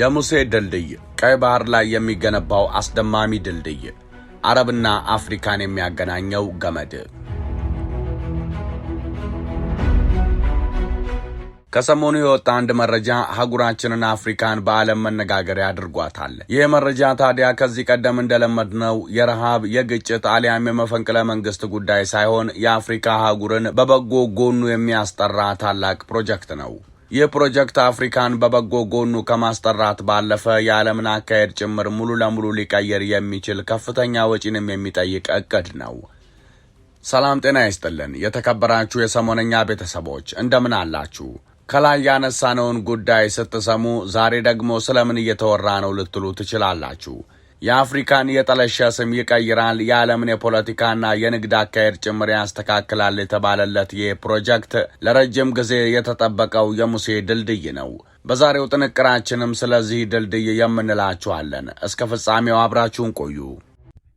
የሙሴ ድልድይ ቀይ ባህር ላይ የሚገነባው አስደማሚ ድልድይ፣ አረብና አፍሪካን የሚያገናኘው ገመድ። ከሰሞኑ የወጣ አንድ መረጃ አህጉራችንን አፍሪካን በዓለም መነጋገሪያ አድርጓታል። ይህ መረጃ ታዲያ ከዚህ ቀደም እንደለመድነው የረሃብ፣ የግጭት አሊያም የመፈንቅለ መንግስት ጉዳይ ሳይሆን የአፍሪካ አህጉርን በበጎ ጎኑ የሚያስጠራ ታላቅ ፕሮጀክት ነው። የፕሮጀክት አፍሪካን በበጎ ጎኑ ከማስጠራት ባለፈ የዓለምን አካሄድ ጭምር ሙሉ ለሙሉ ሊቀየር የሚችል ከፍተኛ ወጪንም የሚጠይቅ እቅድ ነው። ሰላም ጤና ይስጥልን። የተከበራችሁ የሰሞነኛ ቤተሰቦች እንደምን አላችሁ? ከላይ ያነሳነውን ጉዳይ ስትሰሙ ዛሬ ደግሞ ስለምን እየተወራ ነው ልትሉ ትችላላችሁ። የአፍሪካን የጠለሸ ስም ይቀይራል፣ የዓለምን የፖለቲካና የንግድ አካሄድ ጭምር ያስተካክላል የተባለለት ይህ ፕሮጀክት ለረጅም ጊዜ የተጠበቀው የሙሴ ድልድይ ነው። በዛሬው ጥንቅራችንም ስለዚህ ድልድይ የምንላችኋለን። እስከ ፍጻሜው አብራችሁን ቆዩ።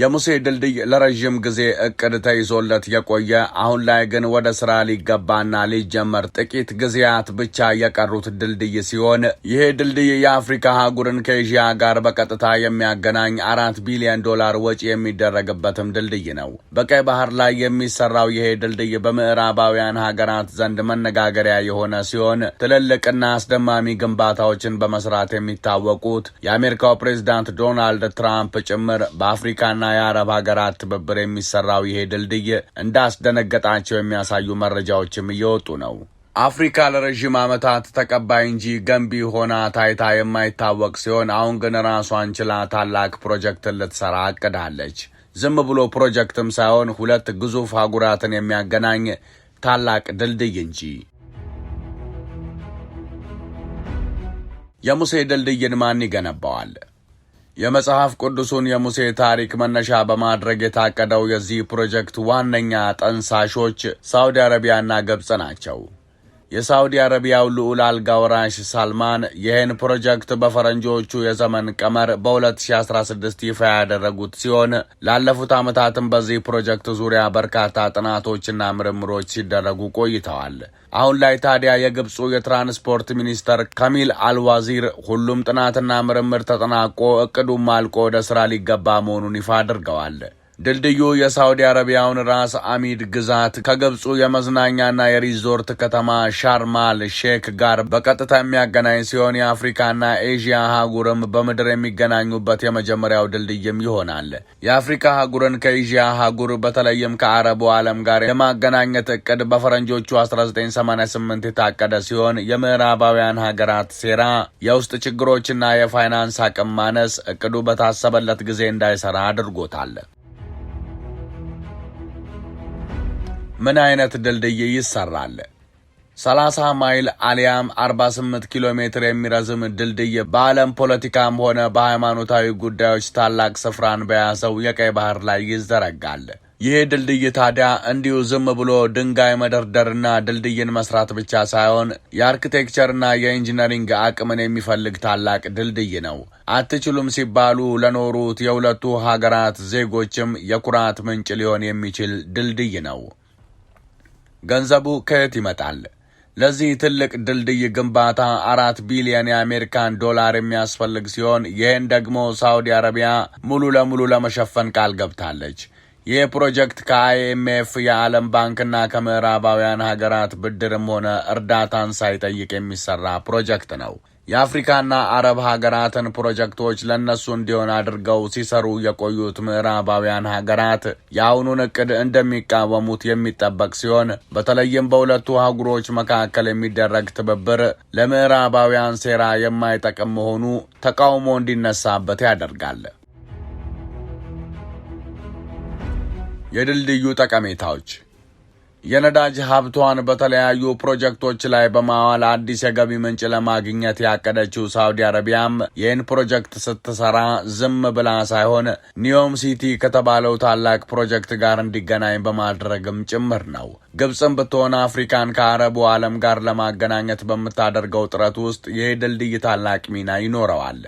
የሙሴ ድልድይ ለረዥም ጊዜ እቅድ ተይዞለት የቆየ አሁን ላይ ግን ወደ ስራ ሊገባና ሊጀመር ጥቂት ጊዜያት ብቻ የቀሩት ድልድይ ሲሆን ይሄ ድልድይ የአፍሪካ አህጉርን ከኤዥያ ጋር በቀጥታ የሚያገናኝ አራት ቢሊዮን ዶላር ወጪ የሚደረግበትም ድልድይ ነው። በቀይ ባህር ላይ የሚሰራው ይሄ ድልድይ በምዕራባውያን ሀገራት ዘንድ መነጋገሪያ የሆነ ሲሆን ትልልቅና አስደማሚ ግንባታዎችን በመስራት የሚታወቁት የአሜሪካው ፕሬዚዳንት ዶናልድ ትራምፕ ጭምር በአፍሪካና የአረብ ሀገራት ትብብር የሚሰራው ይሄ ድልድይ እንዳስደነገጣቸው የሚያሳዩ መረጃዎችም እየወጡ ነው። አፍሪካ ለረዥም ዓመታት ተቀባይ እንጂ ገንቢ ሆና ታይታ የማይታወቅ ሲሆን አሁን ግን ራሷን ችላ ታላቅ ፕሮጀክትን ልትሰራ አቅዳለች። ዝም ብሎ ፕሮጀክትም ሳይሆን ሁለት ግዙፍ አህጉራትን የሚያገናኝ ታላቅ ድልድይ እንጂ። የሙሴ ድልድይን ማን ይገነባዋል? የመጽሐፍ ቅዱሱን የሙሴ ታሪክ መነሻ በማድረግ የታቀደው የዚህ ፕሮጀክት ዋነኛ ጠንሳሾች ሳውዲ አረቢያና ገብጽ ናቸው። የሳውዲ አረቢያው ልዑል አልጋ ወራሽ ሳልማን ይህን ፕሮጀክት በፈረንጆቹ የዘመን ቀመር በ2016 ይፋ ያደረጉት ሲሆን ላለፉት ዓመታትም በዚህ ፕሮጀክት ዙሪያ በርካታ ጥናቶችና ምርምሮች ሲደረጉ ቆይተዋል። አሁን ላይ ታዲያ የግብፁ የትራንስፖርት ሚኒስተር ካሚል አልዋዚር ሁሉም ጥናትና ምርምር ተጠናቆ እቅዱም አልቆ ወደ ስራ ሊገባ መሆኑን ይፋ አድርገዋል። ድልድዩ የሳውዲ አረቢያውን ራስ አሚድ ግዛት ከግብፁ የመዝናኛና የሪዞርት ከተማ ሻርማል ሼክ ጋር በቀጥታ የሚያገናኝ ሲሆን የአፍሪካና ኤዥያ አህጉርም በምድር የሚገናኙበት የመጀመሪያው ድልድይም ይሆናል። የአፍሪካ አህጉርን ከኤዥያ አህጉር በተለይም ከአረቡ ዓለም ጋር የማገናኘት እቅድ በፈረንጆቹ 1988 የታቀደ ሲሆን የምዕራባውያን ሀገራት ሴራ፣ የውስጥ ችግሮችና የፋይናንስ አቅም ማነስ እቅዱ በታሰበለት ጊዜ እንዳይሰራ አድርጎታል። ምን አይነት ድልድይ ይሰራል? 30 ማይል አሊያም 48 ኪሎ ሜትር የሚረዝም ድልድይ በዓለም ፖለቲካም ሆነ በሃይማኖታዊ ጉዳዮች ታላቅ ስፍራን በያዘው የቀይ ባህር ላይ ይዘረጋል። ይህ ድልድይ ታዲያ እንዲሁ ዝም ብሎ ድንጋይ መደርደርና ድልድይን መስራት ብቻ ሳይሆን የአርክቴክቸርና የኢንጂነሪንግ አቅምን የሚፈልግ ታላቅ ድልድይ ነው። አትችሉም ሲባሉ ለኖሩት የሁለቱ ሀገራት ዜጎችም የኩራት ምንጭ ሊሆን የሚችል ድልድይ ነው። ገንዘቡ ከየት ይመጣል? ለዚህ ትልቅ ድልድይ ግንባታ አራት ቢሊዮን የአሜሪካን ዶላር የሚያስፈልግ ሲሆን ይህን ደግሞ ሳውዲ አረቢያ ሙሉ ለሙሉ ለመሸፈን ቃል ገብታለች። ይህ ፕሮጀክት ከአይኤምኤፍ የዓለም ባንክና ከምዕራባውያን ሀገራት ብድርም ሆነ እርዳታን ሳይጠይቅ የሚሰራ ፕሮጀክት ነው። የአፍሪካና አረብ ሀገራትን ፕሮጀክቶች ለነሱ እንዲሆን አድርገው ሲሰሩ የቆዩት ምዕራባውያን ሀገራት የአሁኑን እቅድ እንደሚቃወሙት የሚጠበቅ ሲሆን በተለይም በሁለቱ አህጉሮች መካከል የሚደረግ ትብብር ለምዕራባውያን ሴራ የማይጠቅም መሆኑ ተቃውሞ እንዲነሳበት ያደርጋል። የድልድዩ ጠቀሜታዎች የነዳጅ ሀብቷን በተለያዩ ፕሮጀክቶች ላይ በማዋል አዲስ የገቢ ምንጭ ለማግኘት ያቀደችው ሳውዲ አረቢያም ይህን ፕሮጀክት ስትሰራ ዝም ብላ ሳይሆን ኒዮም ሲቲ ከተባለው ታላቅ ፕሮጀክት ጋር እንዲገናኝ በማድረግም ጭምር ነው። ግብፅም ብትሆን አፍሪካን ከአረቡ ዓለም ጋር ለማገናኘት በምታደርገው ጥረት ውስጥ ይህ ድልድይ ታላቅ ሚና ይኖረዋል።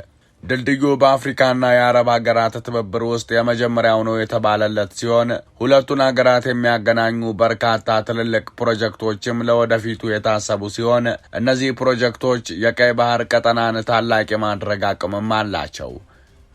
ድልድዩ በአፍሪካና የአረብ ሀገራት ትብብር ውስጥ የመጀመሪያው ነው የተባለለት ሲሆን ሁለቱን ሀገራት የሚያገናኙ በርካታ ትልልቅ ፕሮጀክቶችም ለወደፊቱ የታሰቡ ሲሆን እነዚህ ፕሮጀክቶች የቀይ ባህር ቀጠናን ታላቅ የማድረግ አቅምም አላቸው።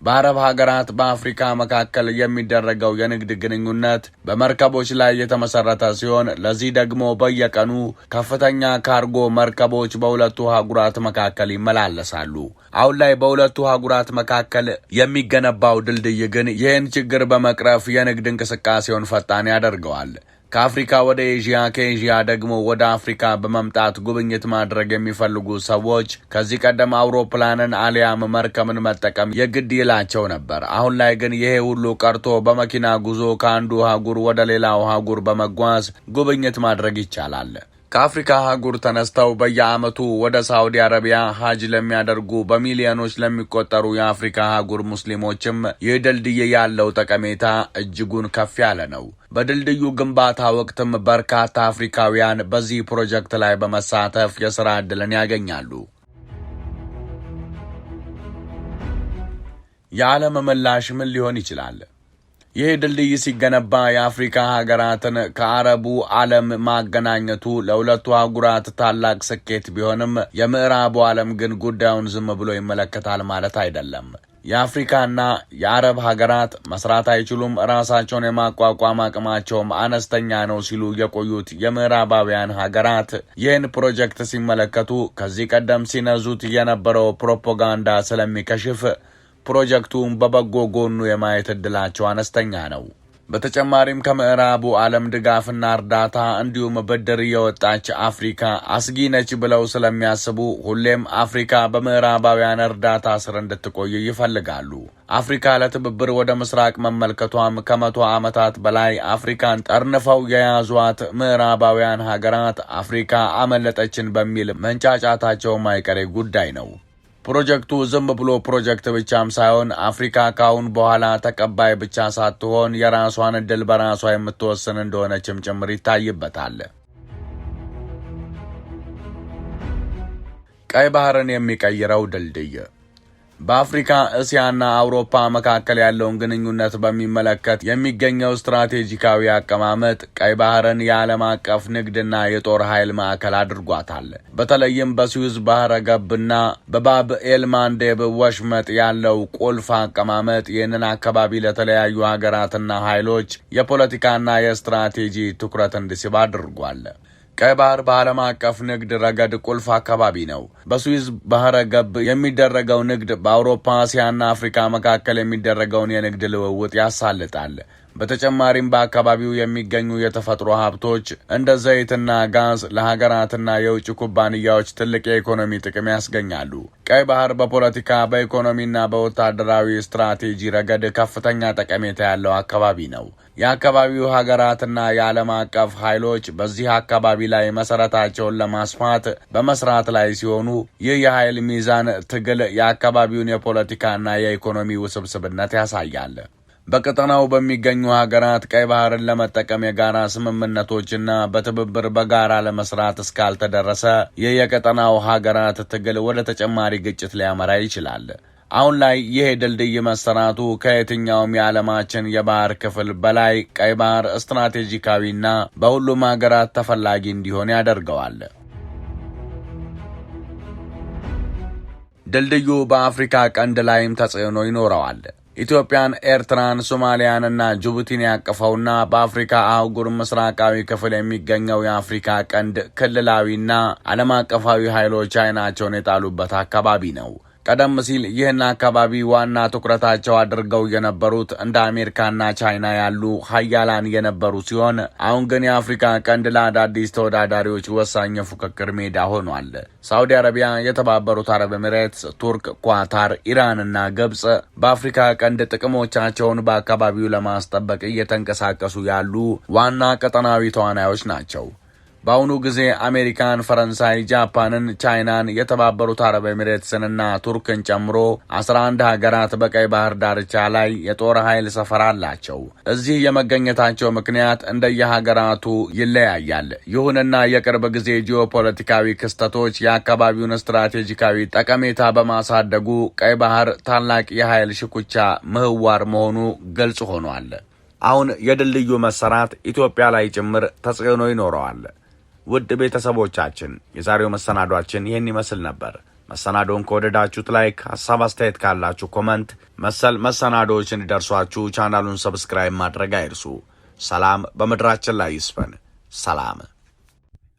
በአረብ ሀገራት በአፍሪካ መካከል የሚደረገው የንግድ ግንኙነት በመርከቦች ላይ የተመሰረተ ሲሆን ለዚህ ደግሞ በየቀኑ ከፍተኛ ካርጎ መርከቦች በሁለቱ አህጉራት መካከል ይመላለሳሉ። አሁን ላይ በሁለቱ አህጉራት መካከል የሚገነባው ድልድይ ግን ይህን ችግር በመቅረፍ የንግድ እንቅስቃሴውን ፈጣን ያደርገዋል። ከአፍሪካ ወደ ኤዥያ ከኤዥያ ደግሞ ወደ አፍሪካ በመምጣት ጉብኝት ማድረግ የሚፈልጉ ሰዎች ከዚህ ቀደም አውሮፕላንን አሊያም መርከብን መጠቀም የግድ ይላቸው ነበር። አሁን ላይ ግን ይሄ ሁሉ ቀርቶ በመኪና ጉዞ ከአንዱ አህጉር ወደ ሌላው አህጉር በመጓዝ ጉብኝት ማድረግ ይቻላል። ከአፍሪካ አህጉር ተነስተው በየዓመቱ ወደ ሳውዲ አረቢያ ሀጅ ለሚያደርጉ በሚሊዮኖች ለሚቆጠሩ የአፍሪካ አህጉር ሙስሊሞችም ይህ ድልድይ ያለው ጠቀሜታ እጅጉን ከፍ ያለ ነው። በድልድዩ ግንባታ ወቅትም በርካታ አፍሪካውያን በዚህ ፕሮጀክት ላይ በመሳተፍ የሥራ ዕድልን ያገኛሉ። የዓለም ምላሽ ምን ሊሆን ይችላል? ይህ ድልድይ ሲገነባ የአፍሪካ ሀገራትን ከአረቡ ዓለም ማገናኘቱ ለሁለቱ አህጉራት ታላቅ ስኬት ቢሆንም የምዕራቡ ዓለም ግን ጉዳዩን ዝም ብሎ ይመለከታል ማለት አይደለም። የአፍሪካና የአረብ ሀገራት መስራት አይችሉም፣ ራሳቸውን የማቋቋም አቅማቸውም አነስተኛ ነው ሲሉ የቆዩት የምዕራባውያን ሀገራት ይህን ፕሮጀክት ሲመለከቱ ከዚህ ቀደም ሲነዙት የነበረው ፕሮፓጋንዳ ስለሚከሽፍ ፕሮጀክቱን በበጎ ጎኑ የማየት እድላቸው አነስተኛ ነው። በተጨማሪም ከምዕራቡ ዓለም ድጋፍና እርዳታ እንዲሁም ብድር የወጣች አፍሪካ አስጊ ነች ብለው ስለሚያስቡ ሁሌም አፍሪካ በምዕራባውያን እርዳታ ስር እንድትቆይ ይፈልጋሉ። አፍሪካ ለትብብር ወደ ምስራቅ መመልከቷም ከመቶ ዓመታት በላይ አፍሪካን ጠርንፈው የያዟት ምዕራባውያን ሀገራት አፍሪካ አመለጠችን በሚል መንጫጫታቸው ማይቀሬ ጉዳይ ነው። ፕሮጀክቱ ዝም ብሎ ፕሮጀክት ብቻም ሳይሆን አፍሪካ ካሁን በኋላ ተቀባይ ብቻ ሳትሆን የራሷን እድል በራሷ የምትወስን እንደሆነችም ጭምር ይታይበታል። ቀይ ባህርን የሚቀይረው ድልድይ በአፍሪካ እስያና አውሮፓ መካከል ያለውን ግንኙነት በሚመለከት የሚገኘው ስትራቴጂካዊ አቀማመጥ ቀይ ባህርን የዓለም አቀፍ ንግድና የጦር ኃይል ማዕከል አድርጓታል። በተለይም በስዊዝ ባህረ ገብና በባብ ኤልማንዴብ ወሽመጥ ያለው ቁልፍ አቀማመጥ ይህንን አካባቢ ለተለያዩ ሀገራትና ኃይሎች የፖለቲካና የስትራቴጂ ትኩረት እንዲስብ አድርጓል። ቀይ ባህር በዓለም አቀፍ ንግድ ረገድ ቁልፍ አካባቢ ነው። በስዊዝ ባህረ ገብ የሚደረገው ንግድ በአውሮፓ፣ እስያና አፍሪካ መካከል የሚደረገውን የንግድ ልውውጥ ያሳልጣል። በተጨማሪም በአካባቢው የሚገኙ የተፈጥሮ ሀብቶች እንደ ዘይትና ጋዝ ለሀገራትና የውጭ ኩባንያዎች ትልቅ የኢኮኖሚ ጥቅም ያስገኛሉ። ቀይ ባህር በፖለቲካ በኢኮኖሚና በወታደራዊ ስትራቴጂ ረገድ ከፍተኛ ጠቀሜታ ያለው አካባቢ ነው። የአካባቢው ሀገራትና የዓለም አቀፍ ኃይሎች በዚህ አካባቢ ላይ መሰረታቸውን ለማስፋት በመስራት ላይ ሲሆኑ ይህ የኃይል ሚዛን ትግል የአካባቢውን የፖለቲካና የኢኮኖሚ ውስብስብነት ያሳያል። በቀጠናው በሚገኙ ሀገራት ቀይ ባህርን ለመጠቀም የጋራ ስምምነቶችና በትብብር በጋራ ለመስራት እስካልተደረሰ የየቀጠናው ሀገራት ትግል ወደ ተጨማሪ ግጭት ሊያመራ ይችላል። አሁን ላይ ይህ ድልድይ መሰራቱ ከየትኛውም የዓለማችን የባህር ክፍል በላይ ቀይ ባህር ስትራቴጂካዊና በሁሉም ሀገራት ተፈላጊ እንዲሆን ያደርገዋል። ድልድዩ በአፍሪካ ቀንድ ላይም ተጽዕኖ ይኖረዋል። ኢትዮጵያን፣ ኤርትራን፣ ሶማሊያን እና ጅቡቲን ያቀፈውና በአፍሪካ አህጉር ምስራቃዊ ክፍል የሚገኘው የአፍሪካ ቀንድ ክልላዊና ዓለም አቀፋዊ ኃይሎች አይናቸውን የጣሉበት አካባቢ ነው። ቀደም ሲል ይህን አካባቢ ዋና ትኩረታቸው አድርገው የነበሩት እንደ አሜሪካና ቻይና ያሉ ሀያላን የነበሩ ሲሆን አሁን ግን የአፍሪካ ቀንድ ለአዳዲስ ተወዳዳሪዎች ወሳኝ የፉክክር ሜዳ ሆኗል። ሳውዲ አረቢያ፣ የተባበሩት አረብ ኤሚሬትስ፣ ቱርክ፣ ኳታር፣ ኢራንና ግብጽ በአፍሪካ ቀንድ ጥቅሞቻቸውን በአካባቢው ለማስጠበቅ እየተንቀሳቀሱ ያሉ ዋና ቀጠናዊ ተዋናዮች ናቸው። በአሁኑ ጊዜ አሜሪካን፣ ፈረንሳይ፣ ጃፓንን፣ ቻይናን፣ የተባበሩት አረብ ኤሚሬትስንና ቱርክን ጨምሮ 11 ሀገራት በቀይ ባህር ዳርቻ ላይ የጦር ኃይል ሰፈራ አላቸው። እዚህ የመገኘታቸው ምክንያት እንደየሀገራቱ ይለያያል። ይሁንና የቅርብ ጊዜ ጂኦፖለቲካዊ ክስተቶች የአካባቢውን ስትራቴጂካዊ ጠቀሜታ በማሳደጉ ቀይ ባህር ታላቅ የኃይል ሽኩቻ ምህዋር መሆኑ ግልጽ ሆኗል። አሁን የድልድዩ መሰራት ኢትዮጵያ ላይ ጭምር ተጽዕኖ ይኖረዋል። ውድ ቤተሰቦቻችን የዛሬው መሰናዷችን ይህን ይመስል ነበር። መሰናዶውን ከወደዳችሁት ላይክ፣ ሀሳብ አስተያየት ካላችሁ ኮመንት፣ መሰል መሰናዶዎች እንዲደርሷችሁ ቻናሉን ሰብስክራይብ ማድረግ አይርሱ። ሰላም በምድራችን ላይ ይስፈን። ሰላም